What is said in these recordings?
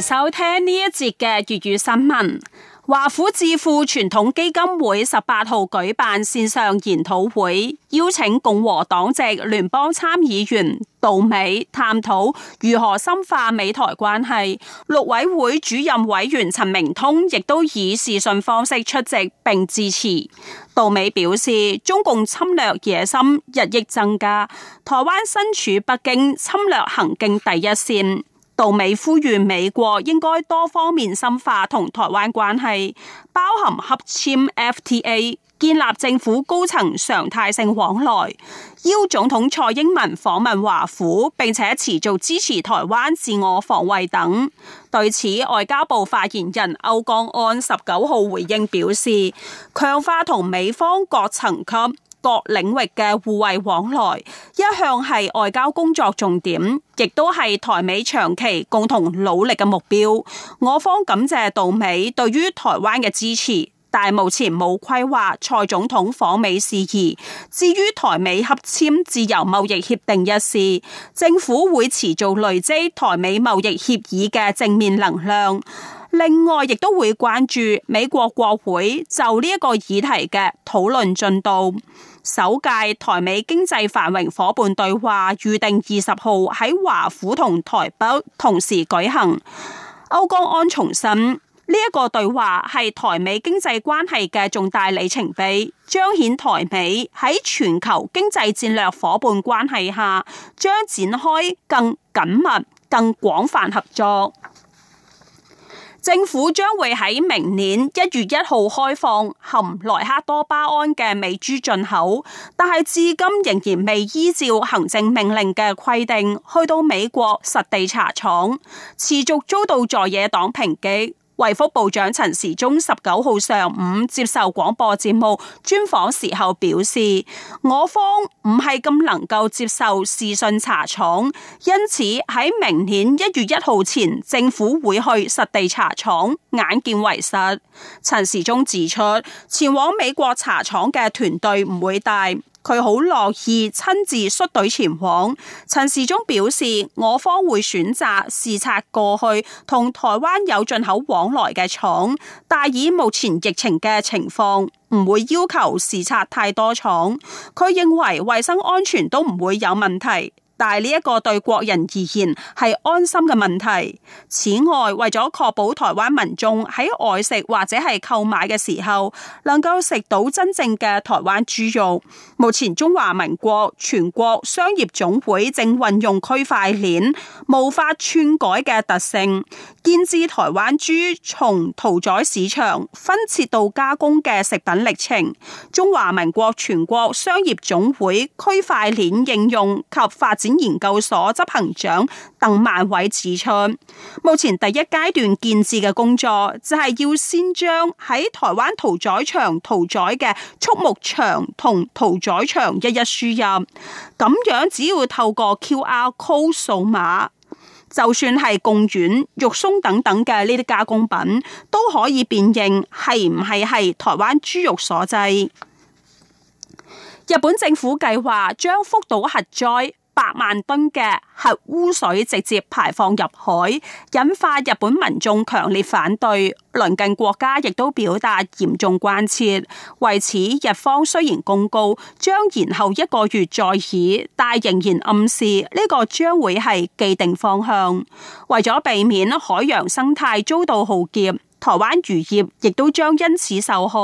收聽呢一節嘅粵語新聞，華府智庫傳統基金會十八號舉辦線上研討會，邀請共和黨籍聯邦參議員杜美探討如何深化美台關係。陸委會主任委員陳明通亦都以視訊方式出席並致辭。杜美表示，中共侵略野心日益增加，台灣身處北京侵略行徑第一線。杜美呼籲美國應該多方面深化同台灣關係，包含合簽 FTA、建立政府高層常態性往來，邀總統蔡英文訪問華府，並且持續支持台灣自我防衛等。對此，外交部發言人歐江安十九號回應表示，強化同美方各層級、各領域嘅互惠往來一向係外交工作重點，亦都係台美長期共同努力嘅目標。我方感謝杜美對於台灣嘅支持，但係目前冇規劃蔡總統訪美事宜。至於台美合簽自由貿易協定一事，政府會持續累積台美貿易協議嘅正面能量。另外，亦都會關注美國國會就呢一個議題嘅討論進度。首屆台美經濟繁榮伙伴對話預定二十號喺華府同台北同時舉行。歐江安重申，呢一個對話係台美經濟關係嘅重大里程碑，彰顯台美喺全球經濟戰略伙伴關係下，將展開更緊密、更廣泛合作。政府將會喺明年一月一號開放含萊克多巴胺嘅美豬進口，但係至今仍然未依照行政命令嘅規定去到美國實地查廠，持續遭到在野黨抨擊。衛福部長陳時中十九號上午接受廣播節目專訪時候表示，我方唔係咁能夠接受視訊查廠，因此喺明年一月一號前，政府會去實地查廠，眼見為實。陳時中指出，前往美國查廠嘅團隊唔會大。佢好樂意親自率隊前往。陳時中表示，我方會選擇視察過去同台灣有進口往來嘅廠，但以目前疫情嘅情況，唔會要求視察太多廠。佢認為衛生安全都唔會有問題。但係呢一個對國人而言係安心嘅問題。此外，為咗確保台灣民眾喺外食或者係購買嘅時候，能夠食到真正嘅台灣豬肉，目前中華民國全國商業總會正運用區塊鏈無法篡改嘅特性，建置台灣豬從屠宰市場分切到加工嘅食品歷程。中華民國全國商業總會區塊鏈應用及發展研究所執行長鄧萬偉指出，目前第一階段建置嘅工作就係、是、要先將喺台灣屠宰場屠宰嘅畜牧場同屠宰場一一輸入，咁樣只要透過 Q R Code 掃碼，就算係貢丸、肉鬆等等嘅呢啲加工品，都可以辨認係唔係係台灣豬肉所製。日本政府計劃將福島核災。百萬噸嘅核污水直接排放入海，引發日本民眾強烈反對，鄰近國家亦都表達嚴重關切。為此，日方雖然公告將延後一個月再議，但仍然暗示呢個將會係既定方向。為咗避免海洋生態遭到浩劫，台灣漁業亦都將因此受害。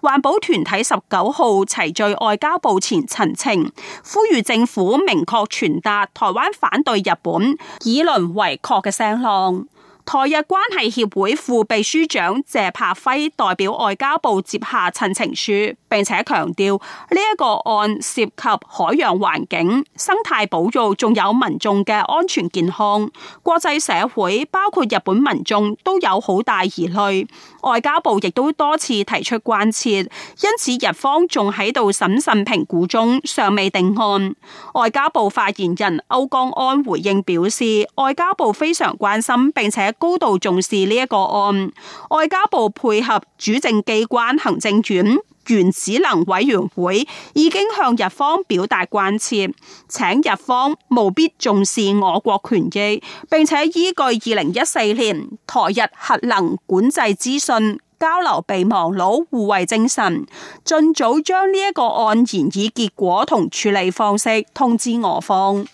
環保團體十九號齊聚外交部前陳情，呼籲政府明確傳達台灣反對日本以鄰為壑嘅聲浪。台日關係協會副祕書長謝柏輝代表外交部接下陳情書，並且強調呢一個案涉及海洋環境、生態保育，仲有民眾嘅安全健康，國際社會包括日本民眾都有好大疑慮。外交部亦都多次提出關切，因此日方仲喺度審慎評估中，尚未定案。外交部發言人歐江安回應表示，外交部非常關心並且高度重視呢一個案，外交部配合主政機關行政院。原子能委員會已經向日方表達關切，請日方務必重視我國權益，並且依據二零一四年台日核能管制資訊交流備忘錄互惠精神，盡早將呢一個案研議結果同處理方式通知我方。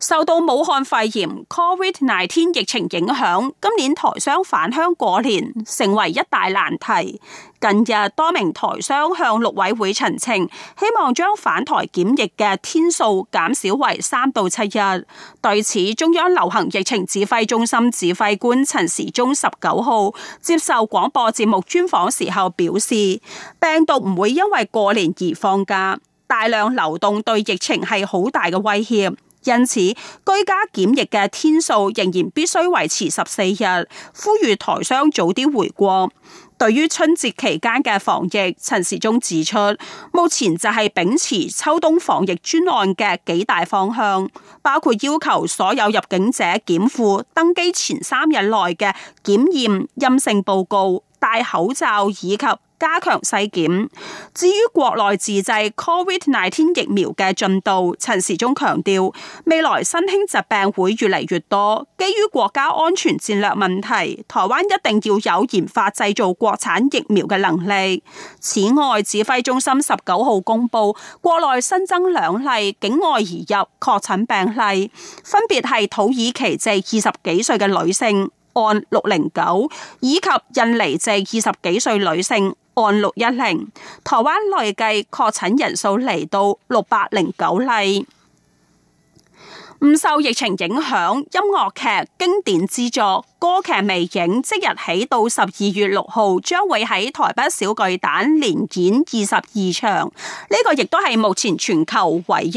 受到武漢肺炎 （COVID-19） 疫情影響，今年台商返鄉過年成為一大難題。近日多名台商向陸委會陳情，希望將返台檢疫嘅天數減少為三到七日。對此，中央流行疫情指揮中心指揮官陳時中十九號接受廣播節目專訪時候表示：病毒唔會因為過年而放假，大量流動對疫情係好大嘅威脅。因此，居家檢疫嘅天數仍然必須維持十四日，呼籲台商早啲回國。對於春節期間嘅防疫，陳時中指出，目前就係秉持秋冬防疫專案嘅幾大方向，包括要求所有入境者檢附登機前三日內嘅檢驗陰性報告。口罩以及加強細檢。至於國內自製 COVID-19 疫苗嘅進度，陳時中強調，未來新興疾病會越嚟越多，基於國家安全戰略問題，台灣一定要有研發製造國產疫苗嘅能力。此外，指揮中心十九號公布國內新增兩例境外移入確診病例，分別係土耳其籍二十幾歲嘅女性。案六零九，9, 以及印尼籍二十幾歲女性案六一零，10, 台灣累計確診人數嚟到六百零九例。唔受疫情影響，音樂劇經典之作《歌劇魅影》即日起到十二月六號，將會喺台北小巨蛋連演二十二場，呢、這個亦都係目前全球唯一。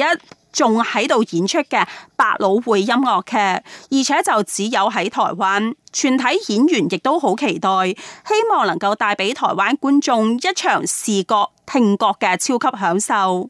仲喺度演出嘅《百老匯音樂劇》，而且就只有喺台灣。全體演員亦都好期待，希望能夠帶俾台灣觀眾一場視覺、聽覺嘅超級享受。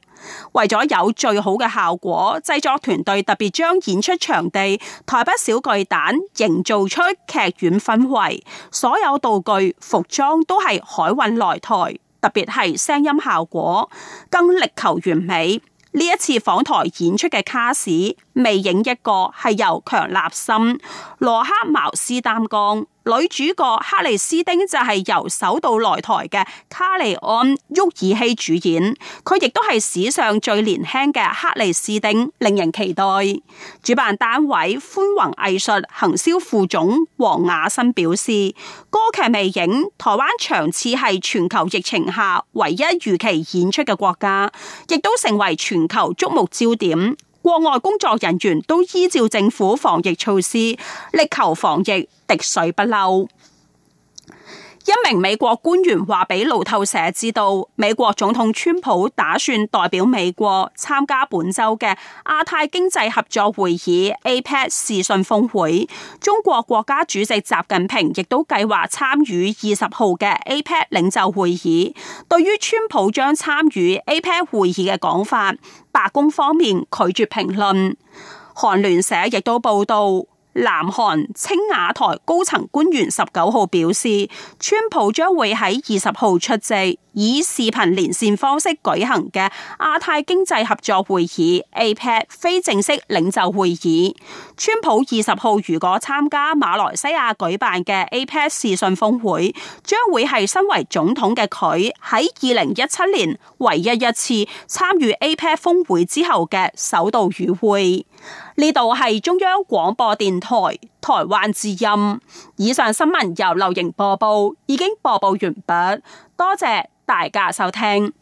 為咗有最好嘅效果，製作團隊特別將演出場地台北小巨蛋營造出劇院氛圍，所有道具、服裝都係海運來台，特別係聲音效果，更力求完美。呢一次訪台演出嘅卡士，魅影一個係由強納森羅克茅斯擔綱。女主角克里斯丁就係由首度來台嘅卡利安沃爾希主演，佢亦都係史上最年輕嘅克利斯丁，令人期待。主辦單位寬宏藝術行銷副總黃雅森表示，歌劇魅影台灣場次係全球疫情下唯一如期演出嘅國家，亦都成為全球矚目焦點。國外工作人員都依照政府防疫措施，力求防疫滴水不漏。一名美國官員話俾路透社知道，美國總統川普打算代表美國參加本周嘅亞太經濟合作會議 a p a c 視訊峰會。中國國家主席習近平亦都計劃參與二十號嘅 a p a c 領袖會議。對於川普將參與 a p a c 會議嘅講法，白宮方面拒絕評論。韓聯社亦都報道。南韓青瓦台高層官員十九號表示，川普將會喺二十號出席，以視頻連線方式舉行嘅亞太經濟合作會議 （APEC） 非正式領袖會議。川普二十號如果參加馬來西亞舉辦嘅 APEC 視訊峰會，將會係身為總統嘅佢喺二零一七年唯一一次參與 APEC 峰會之後嘅首度與會。呢度係中央廣播電台。台灣之音，以上新聞由流瑩播報，已經播報完畢，多謝大家收聽。